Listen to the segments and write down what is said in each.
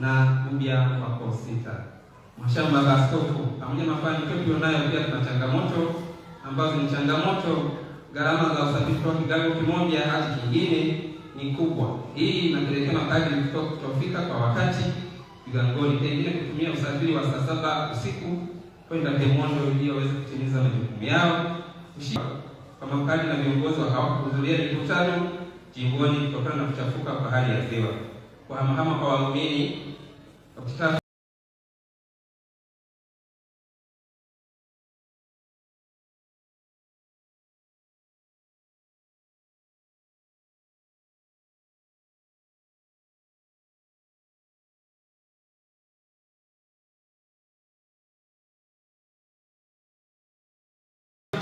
na ubya wako kosita. Mhashamu Baba Askofu, pamoja na mafanikio tulionayo, pia tuna changamoto ambazo ni changamoto, gharama za usafiri kutoka kigango kimoja hadi kingine ni kubwa. Hii inapelekea magari kutofika kwa wakati vigangoni, pengine kutumia usafiri wa saa saba usiku kwenda Kemondo ili waweze kutimiza majukumu yao. Kwa makadi na viongozi hawakuhudhuria mikutano jimboni kutokana na kuchafuka kwa hali ya hewa kuhamahama kwa waumini katika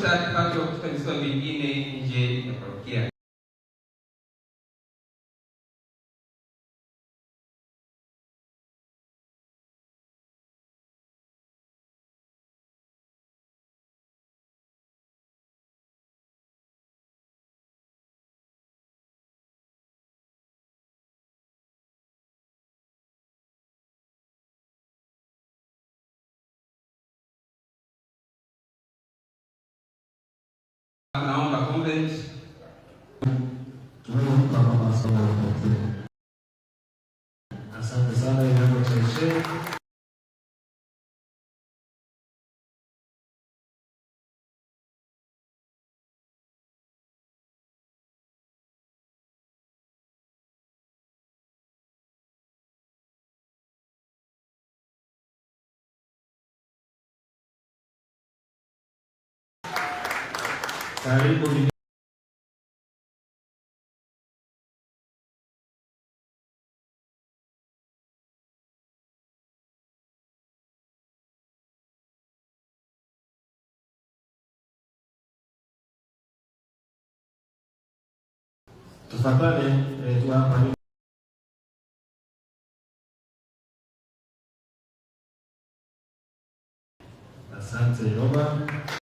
tatu katika visiwa vingine nje ya parokia. Mungu masomo yote. Asante sana Yehova Cheche. Karibu tufatane hapa. Asante Yoba.